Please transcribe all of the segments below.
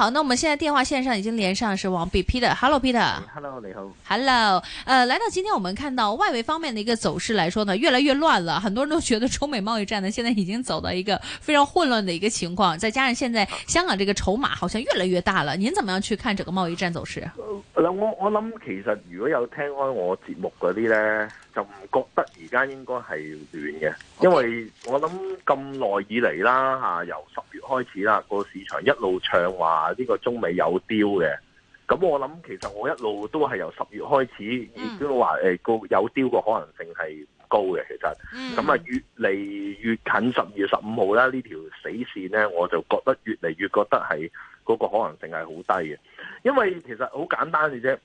好，那我們現在電話線上已經連上，是王弼 Peter。Hello Peter，Hello 你好，Hello，呃，來到今天我們看到外圍方面的一個走勢來說呢，越來越亂了。很多人都覺得中美貿易戰呢，現在已經走到一個非常混亂的一個情況。再加上現在香港這個籌碼好像越來越大了，您怎麼樣去看整個貿易戰走勢？呃、我我諗其實如果有聽開我節目嗰啲呢，就唔覺得而家應該係亂嘅，Okay. 因為我諗咁耐以嚟啦，吓、啊、由十月開始啦，個市場一路唱話。呢個中美有 deal 嘅，咁我諗其實我一路都係由十月開始，亦都話誒個有 deal 嘅可能性係高嘅，其實，咁啊、嗯、越嚟越近十二月十五號啦，呢條死線咧，我就覺得越嚟越覺得係嗰、嗰個可能性係好低嘅，因為其實好簡單嘅啫，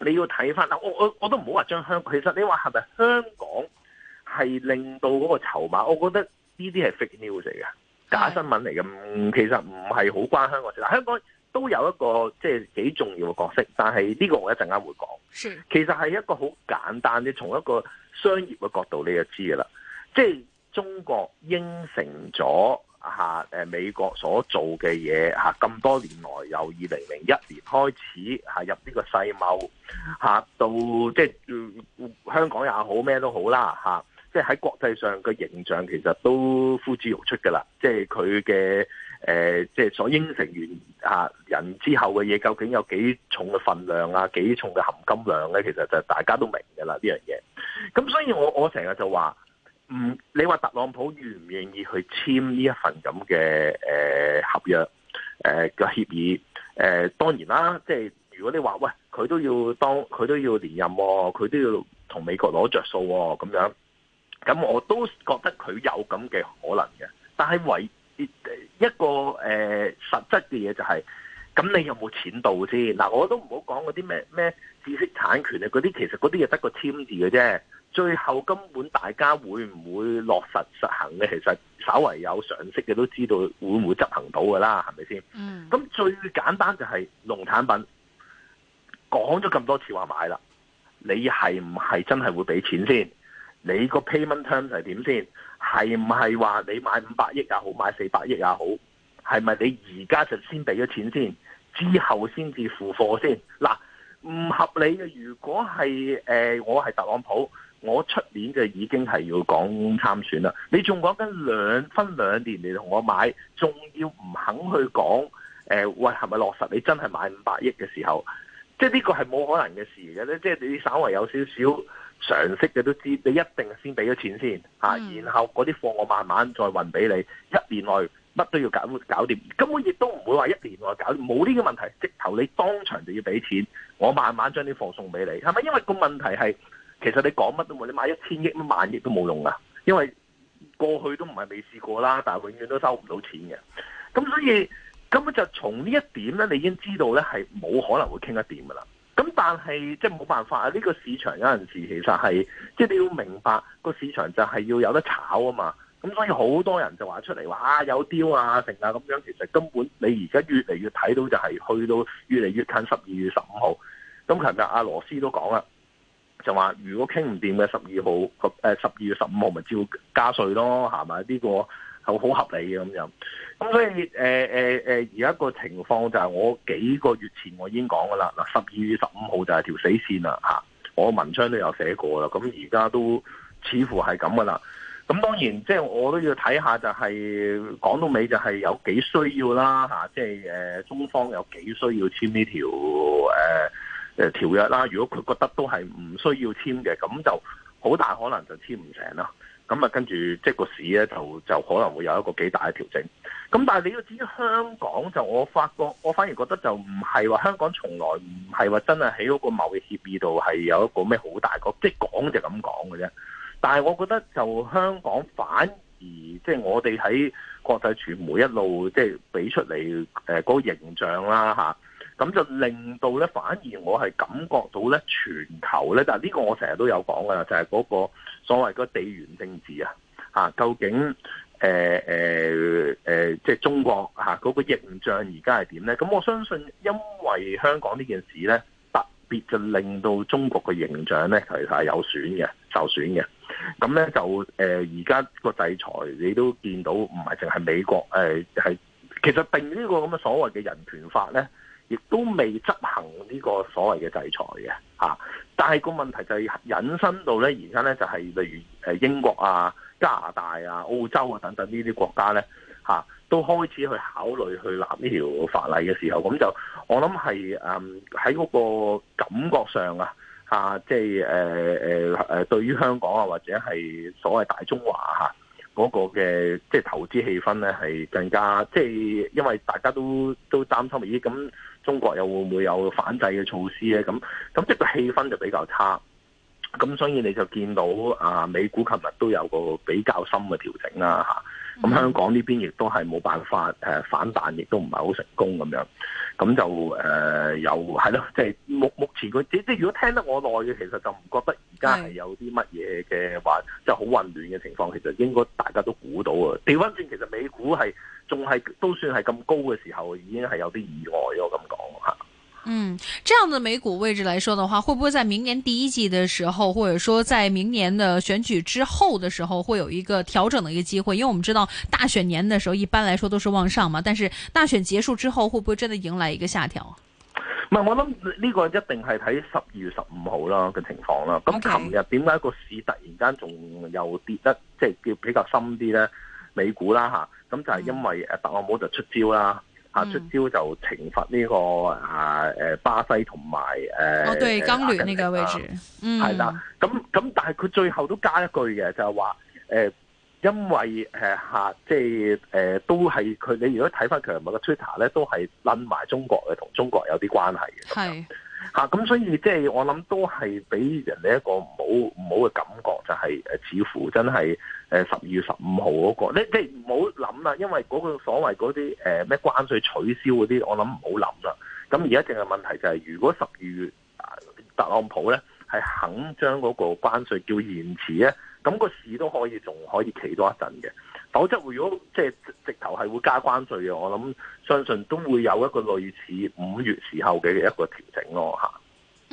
你要睇翻啦，我我我都唔好話將香港，其實你話係咪香港係令到嗰個籌碼，我覺得呢啲係 fake news 嚟嘅。假新聞嚟嘅，其實唔係好關香港事。香港都有一個即係幾重要嘅角色，但係呢個我一陣間會講。其實係一個好簡單嘅，從一個商業嘅角度你就知嘅啦。即係中國應承咗美國所做嘅嘢，咁多年來由二零零一年開始入呢個世貿，到即係香港也好，咩都好啦即係喺國際上嘅形象其實都呼之欲出噶啦，即係佢嘅誒，即係所應承完啊人之後嘅嘢，究竟有幾重嘅份量啊，幾重嘅含金量咧？其實就大家都明噶啦呢樣嘢。咁所以我我成日就話，唔你話特朗普願唔願意去簽呢一份咁嘅誒合約誒嘅協議誒？當然啦，即係如果你話喂，佢都要當佢都要連任喎，佢都要同美國攞着數喎，咁樣。咁我都覺得佢有咁嘅可能嘅，但係唯一,一個誒、呃、實質嘅嘢就係、是，咁你有冇錢度先？嗱，我都唔好講嗰啲咩咩知識產權啊，嗰啲其實嗰啲嘢得個簽字嘅啫。最後根本大家會唔會落實實行咧？其實稍為有常識嘅都知道會唔會執行到㗎啦，係咪先？咁、嗯、最簡單就係農產品講咗咁多次話買啦，你係唔係真係會俾錢先？你個 payment terms 係點先？係唔係話你買五百億也好，買四百億也好，係咪你而家就先俾咗錢先，之後先至付貨先？嗱，唔合理嘅。如果係誒、呃，我係特朗普，我出年就已經係要講參選啦。你仲講緊兩分兩年嚟同我買，仲要唔肯去講誒、呃？喂，係咪落實你真係買五百億嘅時候？即係呢個係冇可能嘅事嘅咧。即係你稍微有少少。常識嘅都知，你一定先俾咗錢先、啊、然後嗰啲貨我慢慢再運俾你，一年內乜都要搞搞掂，根本亦都唔會話一年內搞掂，冇呢個問題，直頭你當場就要俾錢，我慢慢將啲貨送俾你，係咪？因為個問題係其實你講乜都冇，你買一千億乜萬億都冇用㗎，因為過去都唔係未試過啦，但係永遠都收唔到錢嘅，咁所以根本就從呢一點咧，你已經知道咧係冇可能會傾一點噶啦。咁但係即係冇辦法啊！呢、這個市場有陣時其實係即係你要明白，那個市場就係要有得炒啊嘛，咁所以好多人就話出嚟話啊有雕啊成啊咁樣，其實根本你而家越嚟越睇到就係去到越嚟越近十二月十五號。咁琴日阿羅斯都講啦，就話如果傾唔掂嘅，十二號十二月十五號咪照加稅咯，係咪呢個？好合理嘅咁樣，咁所以誒誒誒，而家個情況就係我幾個月前我已經講噶啦，嗱十二月十五號就係條死線啦嚇，我文章都有寫過啦，咁而家都似乎係咁噶啦，咁當然即係我都要睇下、就係，就係講到尾就係有幾需要啦嚇，即係誒中方有幾需要簽呢條誒誒、啊、條約啦，如果佢覺得都係唔需要簽嘅，咁就好大可能就簽唔成啦。咁啊，跟住即係個市咧，就就可能會有一個幾大嘅調整。咁但係你要知道香港就，我發覺我反而覺得就唔係話香港從來唔係話真係喺嗰個貿易協議度係有一個咩好大個，即係講就咁講嘅啫。但係我覺得就香港反而即係我哋喺國際傳媒一路即係俾出嚟誒嗰個形象啦。咁就令到咧，反而我係感覺到咧，全球咧，但係呢個我成日都有講噶啦，就係、是、嗰個所謂個地緣政治啊，吓究竟誒誒誒，即係中國吓嗰、啊那個形象而家係點咧？咁我相信，因為香港呢件事咧，特別就令到中國嘅形象咧，其實係有損嘅，受損嘅。咁咧就誒，而家個制裁你都見到，唔係淨係美國誒係、呃，其實定呢個咁嘅所謂嘅人權法咧。亦都未執行呢個所謂嘅制裁嘅嚇，但係個問題就係引申到咧，而家咧就係例如誒英國啊、加拿大啊、澳洲啊等等呢啲國家咧嚇，都開始去考慮去立呢條法例嘅時候，咁就我諗係誒喺嗰個感覺上啊嚇，即係誒誒誒對於香港啊或者係所謂大中華嚇。嗰個嘅即係投資氣氛咧係更加，即係因為大家都都擔心咦，咁中國又會唔會有反制嘅措施咧？咁咁即係個氣氛就比較差，咁所以你就見到啊，美股琴日都有個比較深嘅調整啦、啊、嚇。咁、嗯、香港呢邊亦都係冇辦法反彈，亦都唔係好成功咁樣。咁就誒、呃、又係咯、就是，即係目目前佢即即如果聽得我耐嘅，其實就唔覺得而家係有啲乜嘢嘅話，即係好、就是、混亂嘅情況。其實應該大家都估到啊。調翻轉，其實美股係仲係都算係咁高嘅時候，已經係有啲意外咯。咁講吓嗯，這樣的美股位置來說的話，會不會在明年第一季的時候，或者說在明年的選舉之後的時候，會有一個調整的一個機會？因為我們知道大選年的時候，一般來說都是往上嘛，但是大選結束之後，會不會真的迎來一個下調？唔係，我諗呢個一定係睇十二月十五號啦嘅情況啦。咁琴日點解個市突然間仲又跌得即係叫比較深啲咧？美股啦吓，咁就係因為誒、嗯啊、特朗普就出招啦。啊！嗯、出招就懲罰呢個啊，啊巴西同埋誒我對，金聯呢個位置，嗯，係啦，咁咁但係佢最後都加一句嘅，就係話、呃、因為誒下、啊、即係誒、呃、都係佢，你如果睇翻強盜嘅 Twitter 咧，都係論埋中國嘅同中國有啲關係嘅，係嚇！咁、啊、所以即係我諗都係俾人哋一個唔好唔好嘅感覺、就是，就係誒，似乎真係誒十二月十五號嗰個，你即係唔好諗啦，因為嗰個所謂嗰啲誒咩關稅取消嗰啲，我諗唔好諗啦。咁而家淨係問題就係、是，如果十二月、呃、特朗普咧係肯將嗰個關稅叫延遲咧，咁、那個市都可以仲可以企多一陣嘅。否則，如果即係直頭係會加關稅嘅，我諗相信都會有一個類似五月時候嘅一個調整咯，嚇。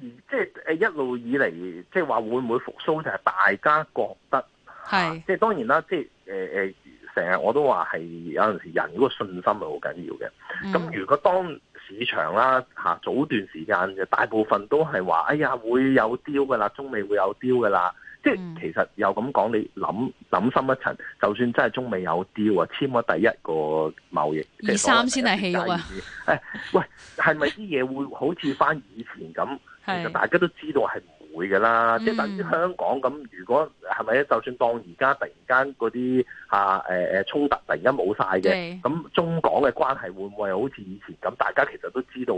即係誒一路以嚟，即係話會唔會復甦，就係大家覺得係。即係當然啦，即係誒誒，成、呃、日我都話係有陣時候人嗰個信心係好緊要嘅。咁、嗯、如果當市場啦嚇早段時間，大部分都係話：哎呀，會有 deal 㗎喇，中美會有 deal 㗎喇。即係、嗯、其實又咁講，你諗諗深一層，就算真係中美有 deal 啊，簽咗第一個貿易，第三先係戲肉啊、哎！誒喂，係咪啲嘢會好似返以前咁？是其實大家都知道係唔會嘅啦，即係是等於香港咁。嗯、如果係咪咧？就算當而家突然間嗰啲啊誒誒、呃、衝突突然間冇晒嘅，咁是中港嘅關係會唔會好似以前咁？大家其實都知道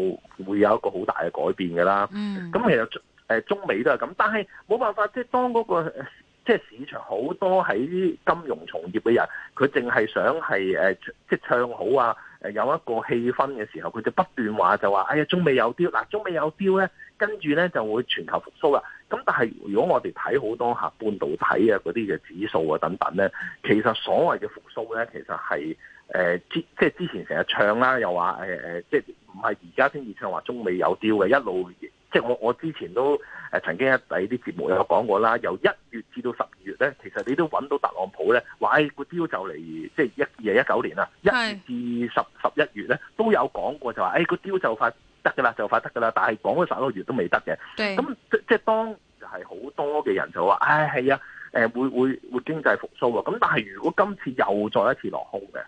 會有一個好大嘅改變嘅啦。咁、嗯、其實誒、呃、中美都係咁，但係冇辦法，即係當嗰、那個、呃、即係市場好多喺啲金融從業嘅人，佢淨係想係誒、呃、即係唱好啊誒有一個氣氛嘅時候，佢就不斷話就話：哎呀，中美有雕，嗱、啊，中美有雕咧。跟住咧就會全球復甦啦。咁但係如果我哋睇好多下半導體啊嗰啲嘅指數啊等等咧，其實所謂嘅復甦咧，其實係誒之即係之前成日唱啦，又話、呃、即唔係而家先至唱話中美有雕嘅一路，即我我之前都曾經一喺啲節目有講過啦。由一月至到十二月咧，其實你都揾到特朗普咧話誒個雕就嚟，即係一二一九年啊，一至十十一月咧都有講過就，就話誒個雕就快得噶啦，就快得噶啦，但係講咗十個月都未得嘅。咁對即即當係好多嘅人就話，唉、哎，係啊，誒，會會會經濟復蘇。咁但係如果今次又再一次落空嘅，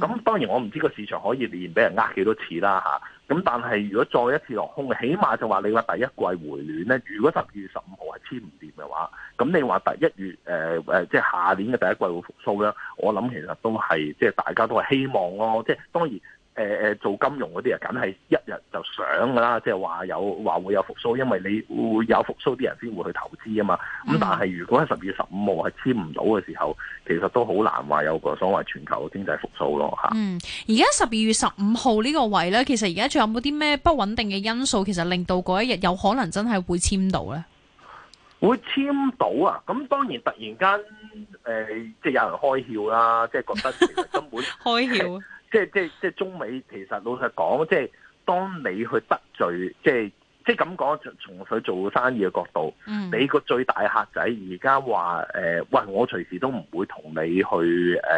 咁、嗯、當然我唔知個市場可以連俾人呃幾多次啦吓。咁、啊、但係如果再一次落空、嗯、起碼就話你話第一季回暖咧，如果十二月十五號係簽唔掂嘅話，咁你話第一月誒誒、呃，即係下年嘅第一季會復蘇咧，我諗其實都係即係大家都係希望咯、哦，即係當然。誒誒、呃，做金融嗰啲啊，梗係一日就想㗎啦，即係話有話會有復蘇，因為你會有復蘇啲人先會去投資啊嘛。咁、嗯、但係如果喺十二月十五號係簽唔到嘅時候，其實都好難話有個所謂全球嘅經濟復蘇咯吓。而家十二月十五號呢個位呢，其實而家仲有冇啲咩不穩定嘅因素，其實令到嗰一日有可能真係會簽到呢？會簽到啊！咁當然突然間誒、呃，即係有人開竅啦，即係覺得其實根本 開竅竅。 即係即係即係中美，其實老實講，即係當你去得罪即係即係咁講，從佢做生意嘅角度，嗯、你個最大客仔而家話誒，喂、呃，我隨時都唔會同你去誒即、呃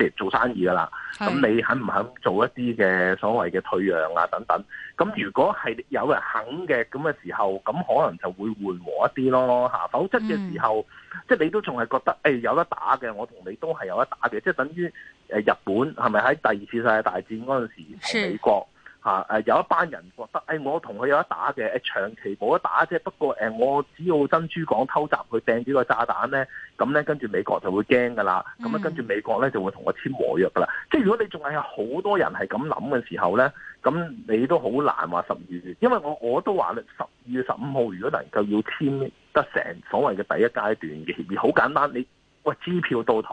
呃、做生意噶啦。咁是你肯唔肯做一啲嘅所謂嘅退讓啊等等？咁如果係有人肯嘅咁嘅時候，咁可能就會緩和一啲咯嚇。否則嘅時候，嗯、即係你都仲係覺得誒、哎、有得打嘅，我同你都係有得打嘅，即係等於誒日本係咪喺第二次世界大戰嗰陣時同美國？啊！誒有一班人覺得，誒、哎、我同佢有得打嘅，誒長期冇得打啫。不過誒，我只要珍珠港偷襲佢掟幾個炸彈咧，咁咧跟住美國就會驚噶啦。咁啊跟住美國咧就會同我簽和約噶啦。嗯、即係如果你仲係有好多人係咁諗嘅時候咧，咁你都好難話十二月，因為我我都話啦，十二月十五號如果能夠要簽得成所謂嘅第一階段嘅協議，好簡單，你喂、哎、支票到台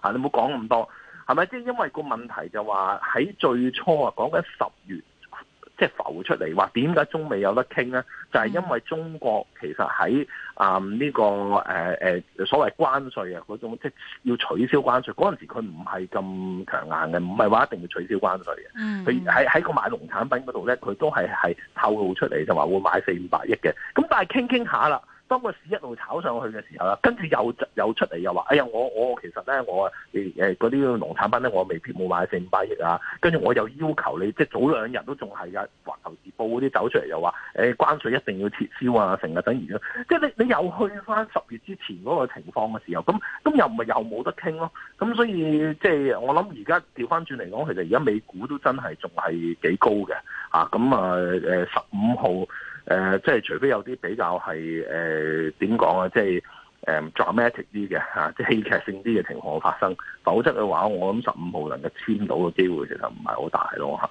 啊，你唔好講咁多。係咪即係因為個問題就話喺最初啊講緊十月即係、就是、浮出嚟，話點解中美有得傾咧？就係、是、因為中國其實喺啊呢個誒誒、呃、所謂關稅啊嗰種即係、就是、要取消關稅嗰陣時佢唔係咁強硬嘅，唔係話一定要取消關稅嘅。佢喺喺個買農產品嗰度咧，佢都係係透露出嚟，就話會買四五百億嘅。咁但係傾傾下啦。當個市一路炒上去嘅時候啦，跟住又又出嚟又話，哎呀，我我其實咧，我誒誒嗰啲農產品咧，我未必冇買四五百億啊。跟住我又要求你，即係早兩日都仲係嘅環球時報嗰啲走出嚟又話，誒、欸、關稅一定要撤銷啊，成日等於咯。即係你你又去翻十月之前嗰個情況嘅時候，咁咁又唔係又冇得傾咯，啊。咁所以即係我諗，而家調翻轉嚟講，其實而家美股都真係仲係幾高嘅啊。咁啊誒，十五號。誒、呃，即係除非有啲比較係誒點講啊，即係誒 dramatic 啲嘅嚇，即係戲劇性啲嘅情況發生，否則嘅話，我諗十五號能夠穿到嘅機會其實唔係好大咯。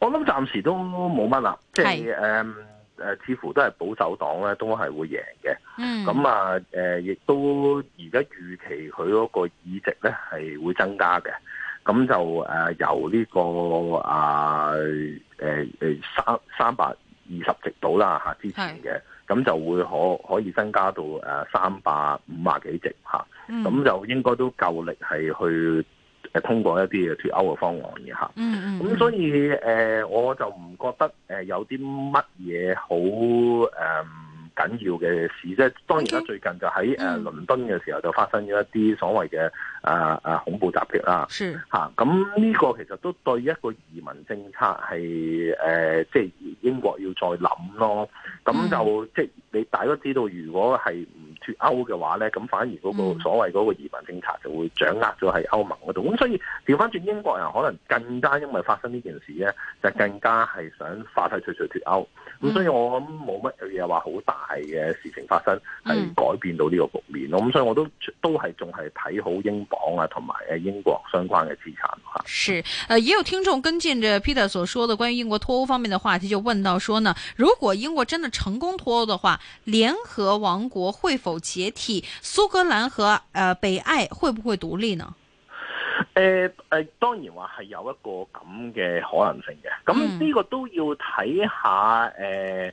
我諗暫時都冇乜啦，即係誒誒，似乎都係保守黨咧，都係會贏嘅。咁、嗯、啊，誒，亦都而家預期佢嗰個議席咧係會增加嘅。咁就誒、啊、由呢個啊誒誒、啊、三三百二十席到啦吓之前嘅，咁是就會可可以增加到誒、啊、三百五十幾席吓，咁、啊、就應該都夠力係去。通過一啲嘅脫歐嘅方案嘅嚇，咁、mm hmm. 所以、呃、我就唔覺得、呃、有啲乜嘢好、呃緊要嘅事啫，當然啦，最近就喺誒倫敦嘅時候就發生咗一啲所謂嘅誒誒恐怖襲擊啦，吓，咁呢個其實都對一個移民政策係誒即係英國要再諗咯，咁就、嗯、即係你大家知道，如果係唔脫歐嘅話咧，咁反而嗰個所謂嗰個移民政策就會掌握咗喺歐盟嗰度，咁所以調翻轉英國人可能更加因為發生呢件事咧，就更加係想快快脆脆脫歐。嗯咁、嗯、所以我諗冇乜嘢話好大嘅事情發生，係改變到呢個局面咯、嗯。咁所以我都都係仲係睇好英鎊啊，同埋誒英國相關嘅資產吓。是，呃也有聽眾跟進着 Peter 所說的關於英國脫歐方面嘅話題，就問到說呢，如果英國真的成功脫歐的話，聯合王國會否解體？蘇格蘭和呃北愛會不會獨立呢？誒誒、呃呃，當然話係有一個咁嘅可能性嘅。咁呢個都要睇下誒，嗱誒、嗯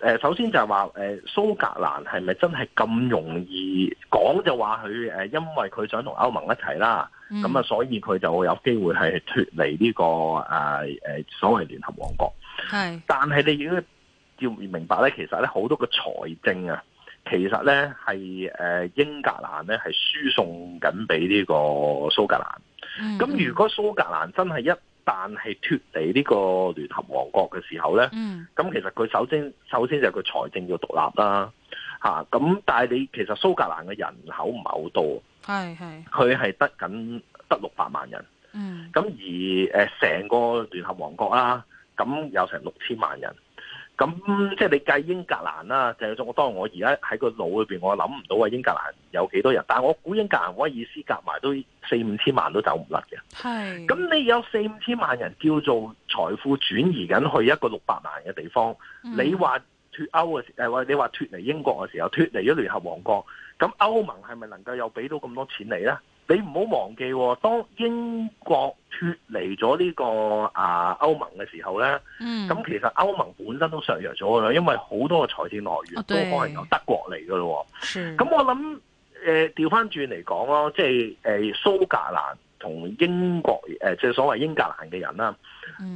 呃，首先就係話誒，蘇格蘭係咪真係咁容易講就話佢誒，因為佢想同歐盟一齊啦，咁啊、嗯這個呃，所以佢就會有機會係脫離呢個誒誒，所謂聯合王國。係，但係你要要明白咧，其實咧好多嘅財政啊。其實咧係誒英格蘭咧係輸送緊俾呢個蘇格蘭，咁、mm hmm. 如果蘇格蘭真係一旦係脫離呢個聯合王國嘅時候咧，咁、mm hmm. 其實佢首先首先就係個財政要獨立啦，嚇、啊、咁。但係你其實蘇格蘭嘅人口唔係好多，係係佢係得緊得六百萬人，嗯、mm，咁、hmm. 而誒成、呃、個聯合王國啦，咁有成六千萬人。咁即係你計英格蘭啦，就係，當我當然我而家喺個腦裏邊，我諗唔到啊！英格蘭有幾多人？但係我估英格蘭我意思夾埋都四五千萬都走唔甩嘅。係是，咁你有四五千萬人叫做財富轉移緊去一個六百萬嘅地方，嗯、你話脫歐嘅時，誒，你話脫離英國嘅時候，脫離咗聯合王國，咁歐盟係咪能夠又俾到咁多錢你咧？你唔好忘記、哦，當英國脫離咗呢、這個啊歐盟嘅時候咧，咁、嗯、其實歐盟本身都削弱咗啦，因為好多嘅財政來源都可能由德國嚟噶咯。咁、啊、我諗誒調翻轉嚟講咯，即係誒蘇格蘭。同英國誒，即係所謂英格蘭嘅人啦，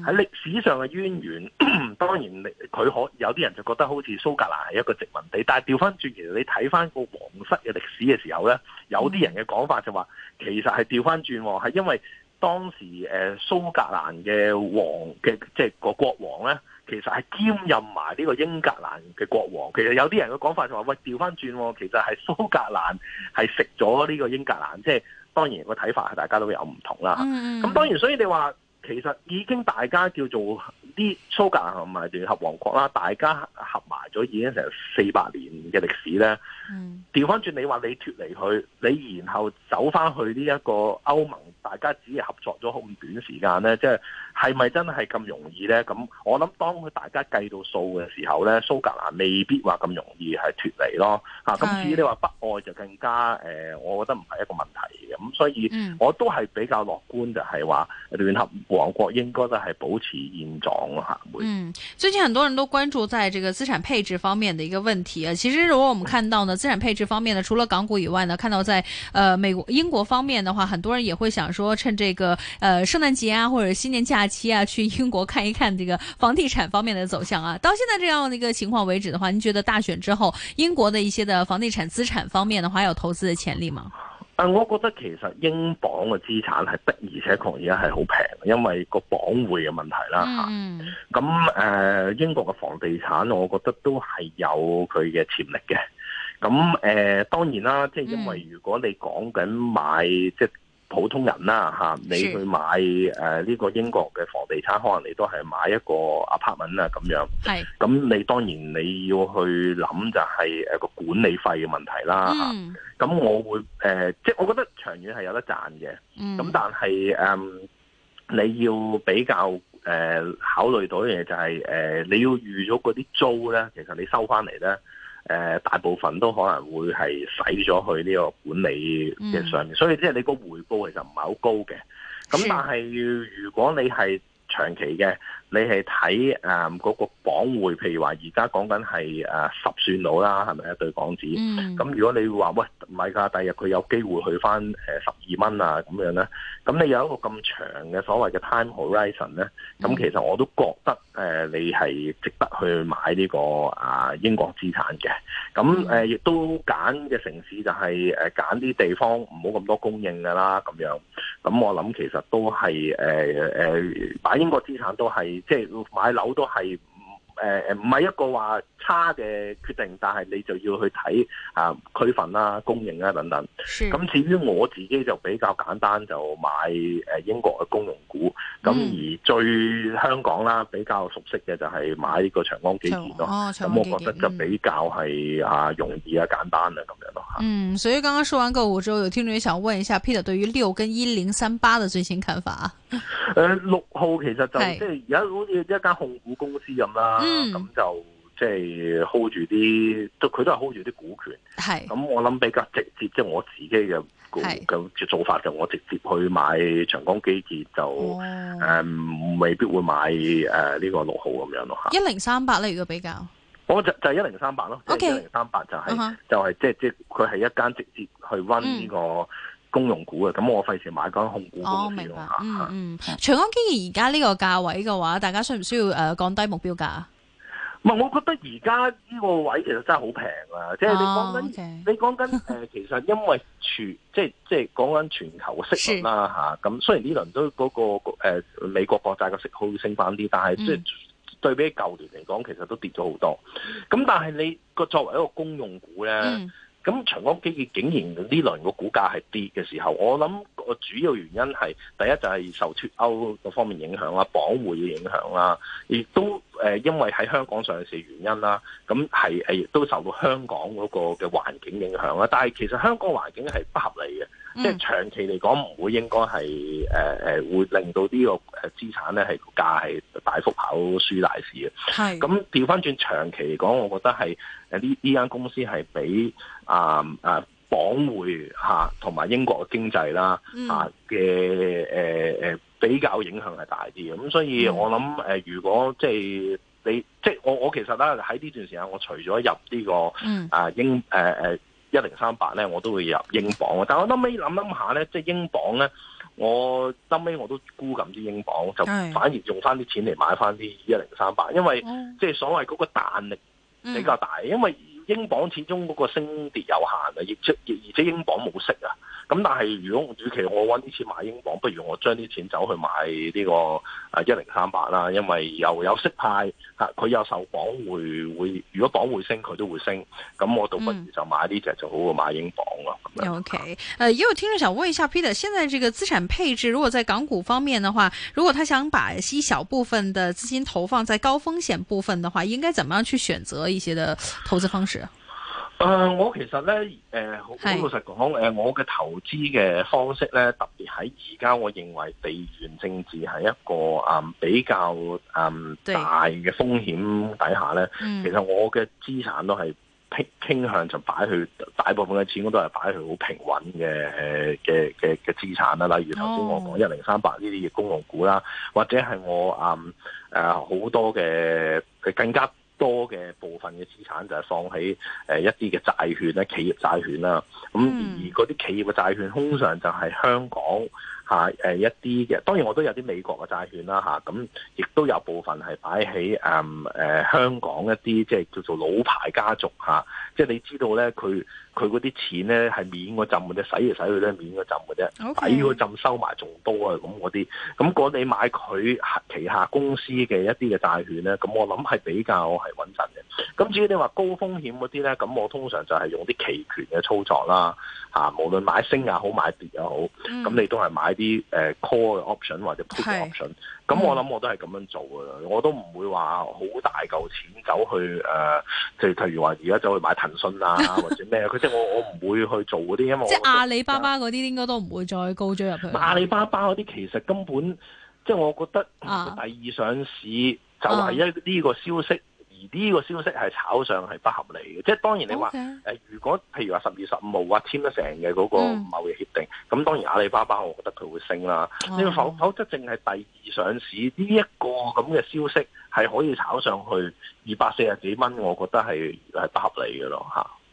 喺歷史上嘅淵源，當然佢可有啲人就覺得好似蘇格蘭係一個殖民地，但係調翻轉，其實你睇翻個皇室嘅歷史嘅時候咧，有啲人嘅講法就話，其實係調翻轉，係因為當時誒蘇格蘭嘅王嘅即係個國王咧，其實係兼任埋呢個英格蘭嘅國王。其實有啲人嘅講法就話，喂調翻轉，其實係蘇格蘭係食咗呢個英格蘭，即係。當然個睇法係大家都會有唔同啦，咁、嗯、當然所以你話其實已經大家叫做啲蘇格蘭同埋聯合王國啦，大家合埋咗已經成四百年嘅歷史咧。調翻轉你話你脫離佢，你然後走翻去呢一個歐盟，大家只係合作咗好短時間咧，即係係咪真係咁容易咧？咁我諗當佢大家計到數嘅時候咧，蘇格蘭未必話咁容易係脫離咯。吓、啊、咁至於你話北愛就更加誒、呃，我覺得唔係一個問題嘅。咁所以我都係比較樂觀就，就係話聯合王國應該都係保持現狀咯吓。啊、嗯，最近很多人都關注在這個資產配置方面的一個問題啊。其實如果我們看到呢。嗯資產配置方面呢，除了港股以外呢，看到在，呃美國英國方面的話，很多人也會想說，趁這個，呃聖誕節啊或者新年假期啊，去英國看一看這個房地產方面的走向啊。到現在這樣的一個情況為止的話，你覺得大選之後英國的一些的房地產資產方面的話，有投資的潛力嗎？啊，我覺得其實英鎊嘅資產係的，而且確而家係好平，因為個榜匯有問題啦。嗯，咁誒、呃、英國嘅房地產，我覺得都係有佢嘅潛力嘅。咁誒、呃、當然啦，即係因為如果你講緊買、嗯、即係普通人啦、啊、是你去買誒呢、呃這個英國嘅房地產，可能你都係買一個 apartment 啊咁樣。係是。咁你當然你要去諗就係誒個管理費嘅問題啦咁、嗯啊、我會誒、呃，即係我覺得長遠係有得賺嘅。咁、嗯、但係誒、呃，你要比較誒、呃、考慮到嘅嘢就係、是、誒、呃，你要預咗嗰啲租咧，其實你收翻嚟咧。呃，大部分都可能會係使咗去呢個管理嘅上面，嗯，所以即係你個回報其實唔係好高嘅。咁但係如果你係長期嘅。你係睇誒嗰個港匯，譬如話而家講緊係誒十算佬啦，係咪對港紙，咁、mm. 如果你話喂買價第日佢有機會去翻誒十二蚊啊咁樣咧，咁你有一個咁長嘅所謂嘅 time horizon 咧，咁、mm. 其實我都覺得誒、呃、你係值得去買呢個啊英國資產嘅。咁亦、呃、都揀嘅城市就係揀啲地方唔好咁多供應㗎啦，咁樣。咁我諗其實都係誒誒買英國資產都係。即係買樓都係。誒誒，唔係、呃、一個話差嘅決定，但係你就要去睇啊區份啦、供應啊等等。咁是至於我自己就比較簡單，就買誒英國嘅公用股。咁、嗯、而最香港啦，比較熟悉嘅就係買呢個長江基建咯。咁、嗯哦、我覺得就比較係啊容易啊簡單啊咁樣咯。嗯，所以剛剛說完購股之後，有聽眾想問一下 Peter 對於六跟一零三八嘅最新看法啊？誒、呃，六號其實就是即係而家好似一間控股公司咁啦。嗯咁就即係 hold 住啲，都佢都係 hold 住啲股權。係咁，我諗比較直接，即係我自己嘅嘅做法，就我直接去買長江基建就誒，未必會買誒呢個六號咁樣咯。一零三八咧，如果比較，我就就一零三八咯。一零三八就係就係即係即係，佢係一間直接去 run 呢個公用股嘅。咁我費事買嗰控股公司。我明白。嗯嗯，長江基建而家呢個價位嘅話，大家需唔需要誒降低目標價？唔，我覺得而家呢個位其實真係好平啦，即係、oh, okay. 你講緊，你講緊誒，其實因為全， 即係即係講緊全球嘅息率啦嚇，咁是、啊、雖然呢輪都嗰、那個、呃、美國國債嘅息好升翻啲，但係即係對比舊年嚟講，嗯、其實都跌咗好多。咁但係你個作為一個公用股咧。嗯咁長江基建竟然呢輪個股價係跌嘅時候，我諗個主要原因係第一就係受脫歐嗰方面影響啦、綁匯嘅影響啦，亦都誒、呃、因為喺香港上市原因啦，咁係亦都受到香港嗰個嘅環境影響啦。但係其實香港環境係不合理嘅，嗯、即係長期嚟講唔會應該係誒誒會令到呢個誒資產咧係價係大幅跑輸大市嘅。咁調翻轉長期嚟講，我覺得係呢呢間公司係比。啊啊，綁匯嚇，同、啊、埋英國嘅經濟啦嚇嘅誒誒比較影響係大啲，咁所以我諗誒、呃，如果即係你即係我我其實咧喺呢段時間，我除咗入、這個啊呃、呢個啊英誒誒一零三八咧，我都會入英鎊。但我後屘諗諗下咧，即係英鎊咧，我後屘我都沽緊啲英鎊，就反而用翻啲錢嚟買翻啲一零三八，因為即係所謂嗰個彈力比較大，嗯、因為。英鎊始終嗰個升跌有限啊，而且而而且英鎊冇息啊。咁但係如果逾期我搵啲錢買英鎊，不如我將啲錢走去買呢個啊一零三八啦，因為又有息派，吓佢有受磅會會，如果磅會升，佢都會升，咁我倒不如就買呢隻就好過買英鎊咯。O K，誒，因樣、okay. 呃、有聽 s 想問一下 Peter，現在這個資產配置，如果在港股方面的話，如果他想把一小部分的資金投放在高風險部分的話，應該怎麼樣去選擇一些的投資方式？啊、嗯！我其實咧，誒好老實講，誒是我嘅投資嘅方式咧，特別喺而家，我認為地緣政治係一個啊、嗯、比較啊、嗯、對大嘅風險底下咧，嗯、其實我嘅資產都係傾傾向就擺去大部分嘅錢，都係擺去好平穩嘅嘅嘅嘅資產啦，例如頭先我講一零三八呢啲公業股啦，或者係我啊誒好多嘅佢更加，多嘅部分嘅資產就係放喺誒一啲嘅債券咧，企業債券啦，咁而嗰啲企業嘅債券通常就係香港。嚇、啊呃、一啲嘅，當然我都有啲美國嘅債券啦，咁亦都有部分係擺喺誒香港一啲即係叫做老牌家族、啊、即係你知道咧，佢佢嗰啲錢咧係免嗰浸嘅，使嚟使去咧，免嗰浸嘅啫，抵嗰浸收埋仲多啊咁嗰啲，咁嗰、啊、你買佢旗下公司嘅一啲嘅債券咧，咁、啊、我諗係比較係穩陣嘅。咁至於你話高風險嗰啲咧，咁我通常就係用啲期權嘅操作啦，嚇、啊，無論買升也好，買跌也好，咁、嗯、你都係買啲、呃、call option 或者 put option 是。咁我諗我都係咁樣做噶啦，嗯、我都唔會話好大嚿錢走去誒，即係譬如話而家走去買騰訊啊 或者咩，佢即係我我唔會去做嗰啲，因為即係阿里巴巴嗰啲應該都唔會再高追入去、啊。阿里巴巴嗰啲其實根本即係我覺得、啊、第二上市就唯一呢個消息。啊而呢個消息係炒上係不合理嘅，即係當然你話 Okay. 如果譬如話十二十五號啊簽得成嘅嗰個貿易協定，咁、mm. 當然阿里巴巴我覺得佢會升啦。個否否則淨係第二上市呢一、這個咁嘅消息係可以炒上去二百四十幾蚊，我覺得係不合理嘅咯吓。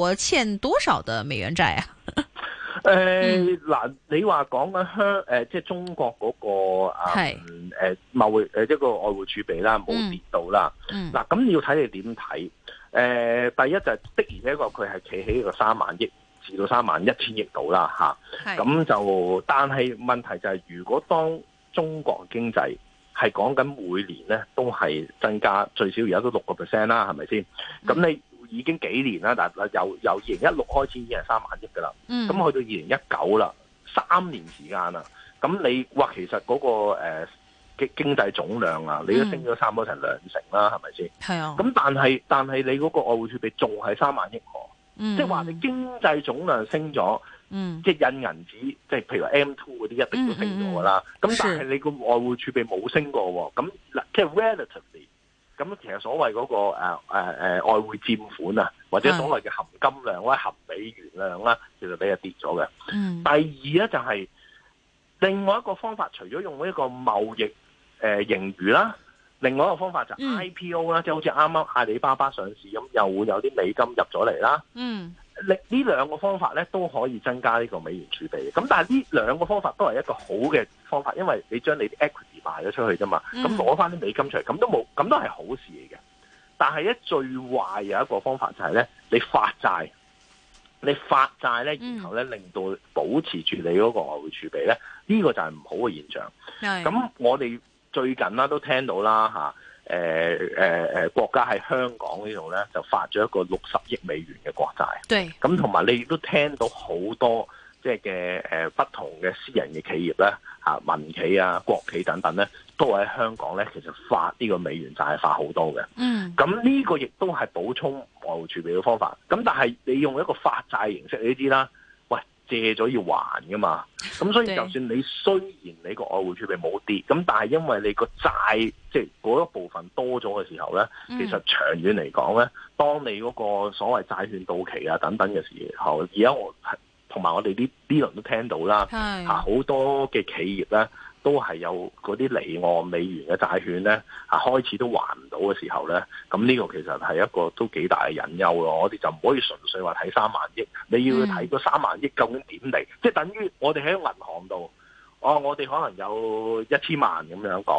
我欠多少嘅美元債啊？誒、 呃，嗱，你話講緊香，誒、呃，即、就、係、是、中國嗰、那個啊，誒、嗯，外匯誒一個外匯儲備啦，冇跌到啦。嗱、嗯，咁、嗯、要睇你點睇？誒、呃，第一就係的而且確佢係企喺個三萬億至到三萬一千億度啦，吓是。咁、啊、就，但係問題就係、是，如果當中國經濟係講緊每年咧都係增加，最少而家都六個 percent 啦，係咪先？咁你？嗯已經幾年啦，但係由由二零一六開始已經係三萬億噶啦，咁去、嗯、到二零一九啦，三年時間啦，咁你哇其實嗰、那個誒經、呃、經濟總量啊，你都升咗三成兩成啦，係咪先？係啊、哦，咁但係但係你嗰個外匯儲備仲係三萬億喎，即係話你經濟總量升咗，即係印銀紙，即係譬如話 M two 嗰啲，一定都升咗噶啦。咁、嗯嗯嗯、但係你個外匯儲備冇升過，咁嗱，即係 relatively。咁其實所謂嗰、那個誒誒、啊啊啊啊、外匯佔款啊，或者所謂嘅含金量啦、啊、含美元量啦、啊，其實比較跌咗嘅。嗯、第二咧就係、是、另外一個方法，除咗用一個貿易誒、呃、盈餘啦、啊，另外一個方法就 IPO 啦、啊，即係、嗯、好似啱啱阿里巴巴上市咁，又會有啲美金入咗嚟啦。嗯。呢兩個方法咧都可以增加呢個美元儲備嘅，咁但係呢兩個方法都係一個好嘅方法，因為你將你啲 equity 賣咗出去啫嘛，咁攞翻啲美金出嚟，咁都冇，咁都係好事嚟嘅。但係一最壞有一個方法就係咧，你發債，你發債咧，然後咧令到保持住你嗰個外匯儲備咧，呢、這個就係唔好嘅現象。咁、嗯、我哋最近啦都聽到啦嚇。誒誒誒，國家喺香港呢度咧就發咗一個六十億美元嘅國債。對，咁同埋你都聽到好多即係嘅誒，不同嘅私人嘅企業咧，吓、啊、民企啊、國企等等咧，都喺香港咧，其實發呢個美元債係發好多嘅。嗯，咁呢個亦都係補充外匯儲備嘅方法。咁但係你用一個發債形式你知啦。借咗要還噶嘛，咁所以就算你雖然你個外匯儲備冇跌，咁但係因為你個債即係嗰一部分多咗嘅時候咧，嗯、其實長遠嚟講咧，當你嗰個所謂債券到期啊等等嘅時候，而家我同埋我哋啲呢輪都聽到啦，嚇好是的 多嘅企業咧，都係有嗰啲離岸美元嘅債券咧，啊開始都還唔到嘅時候咧，咁呢個其實係一個都幾大嘅隱憂咯。我哋就唔可以純粹話睇三萬億，你要睇嗰三萬億究竟點嚟？嗯、即係等於我哋喺銀行度，哦，我哋可能有一千萬咁樣講，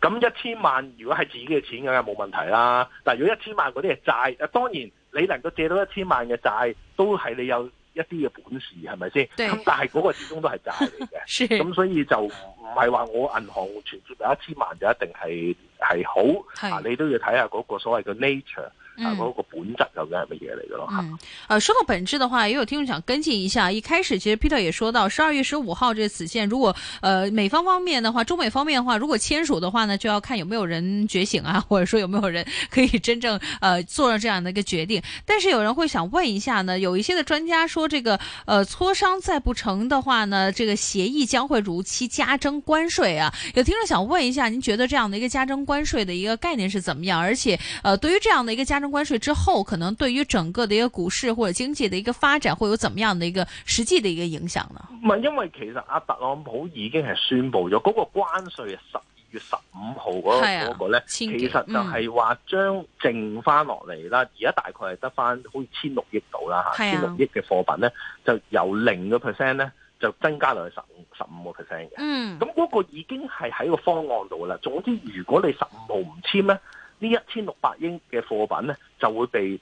咁一千萬如果係自己嘅錢梗係冇問題啦。但係，如果一千萬嗰啲係債，當然你能夠借到一千萬嘅債，都係你有。一啲嘅本事係咪先？咁對但係嗰個始終都係債嚟嘅，咁 是所以就唔係話我銀行存住有一千萬就一定係係好是、啊，你都要睇下嗰個所謂嘅 nature。啊，包括本質究竟係乜嘢嚟嘅咯。吓，呃，說到本質的話，也有聽眾想跟進一下。一開始其實 Peter 也說到十二月十五號，這係死線。如果呃美方方面的話，中美方面的話，如果簽署的話呢，就要看有沒有人覺醒啊，或者說有沒有人可以真正呃做了這樣的一個決定。但是有人會想問一下呢，有一些的專家說這個呃磋商再不成的話呢，這個協議將會如期加徵關稅啊。有聽眾想問一下，您覺得這樣的一個加徵關稅的一個概念是怎麼樣？而且呃對於這樣的一個加徵。關稅之後，可能對於整個嘅一個股市或者經濟嘅一個發展，會有怎麼樣嘅一個實際嘅一個影響呢？唔係，因為其實阿、啊、特朗普已經係宣布咗嗰個關稅、那個，十二月十五號嗰個咧，幾其實就係話將淨翻落嚟啦。而家、嗯、大概係得翻好似千六億度啦，吓、啊，千六億嘅貨品咧，就由零個 percent 咧，就增加落去十五十五個 percent 嘅。的嗯，咁嗰個已經係喺個方案度啦。總之，如果你十五號唔簽咧。1 這 1, 呢一千六百英嘅貨品咧，就會被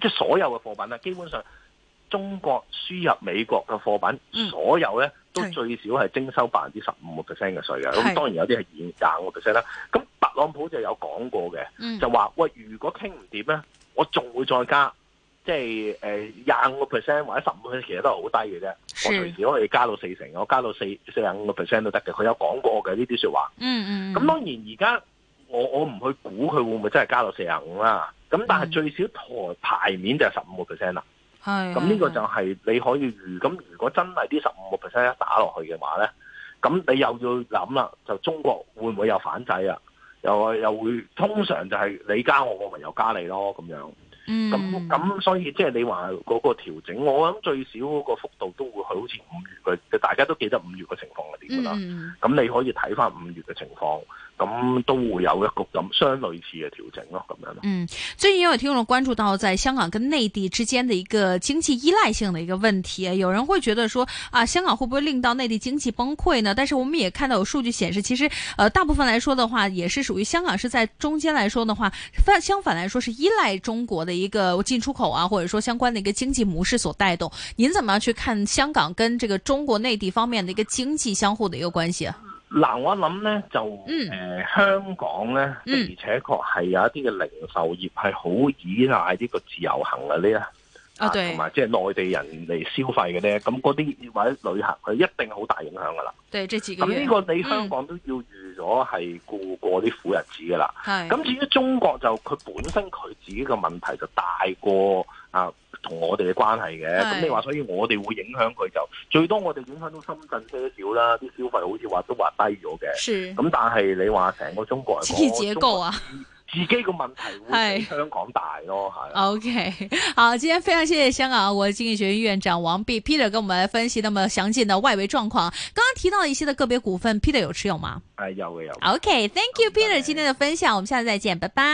即係所有嘅貨品咧，基本上中國輸入美國嘅貨品，嗯、所有咧是都最少係徵收百分之十五個 percent 嘅稅嘅。咁是當然有啲係二廿個 percent 啦。咁特朗普就有講過嘅，嗯、就話喂，如果傾唔掂咧，我仲會再加，即係誒廿五個 percent 或者十五個 percent，其實都係好低嘅啫。是我隨時可以加到四成，我加到四四廿五個 percent 都得嘅。佢有講過嘅呢啲説話。嗯嗯。咁、嗯、當然而家。我我唔去估佢會唔會真係加到四十五啦，咁但係最少台牌面就係十五個 percent 啦。咁呢個就係你可以預。咁如果真係啲十五個 percent 一打落去嘅話咧，咁你又要諗啦，就中國會唔會有反制啊？又又會通常就係你加我，我咪又加你咯咁樣。咁咁、嗯、所以即係你話嗰個調整，我諗最少嗰個幅度都會去好似五月嘅，大家都記得五月嘅情況係點嘅啦。咁、嗯、你可以睇翻五月嘅情況。咁都會有一個咁相類似嘅調整咯、啊，咁樣咯。嗯，最近也有有聽眾關注到在香港跟內地之間的一個經濟依賴性嘅一個問題，有人會覺得說啊，香港會不會令到內地經濟崩潰呢？但是我們也看到有數據顯示，其實，呃，大部分來說的話，也是屬於香港是在中間來說的話，反相反來說是依賴中國的一個進出口啊，或者說相關的一個經濟模式所帶動。您怎麼樣去看香港跟這個中國內地方面的一個經濟相互的一個關係？嗯嗱、啊，我諗咧就誒、嗯呃、香港咧，而且確係有一啲嘅零售業係好依賴呢個自由行嘅呢啊，同埋即係內地人嚟消費嘅咧，咁嗰啲或者旅客佢一定好大影響噶啦。對，即係自己咁呢個你香港都要預咗係過過啲苦日子噶啦。係、嗯。咁至於中國就佢本身佢自己嘅問題就大過啊。同我哋嘅關係嘅，咁是你話所以我哋會影響佢就最多我哋影響到深圳少少啦，啲消費好似話都話低咗嘅，咁是但係你話成個中國,國，結構啊，自己個問題會比香港大咯，係。O K，好，今天非常謝謝香港我經濟學院院長王弼。Peter 跟我們分析咁麼詳盡的外圍狀況。剛剛提到一些的個別股份，Peter 有持有嗎？係、哎、有嘅有。O、okay, K，Thank you，Peter，見今天的分享，我們下次再見，拜拜。